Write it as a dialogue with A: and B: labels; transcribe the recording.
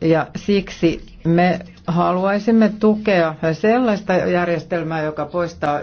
A: Ja siksi me haluaisimme tukea sellaista järjestelmää, joka poistaa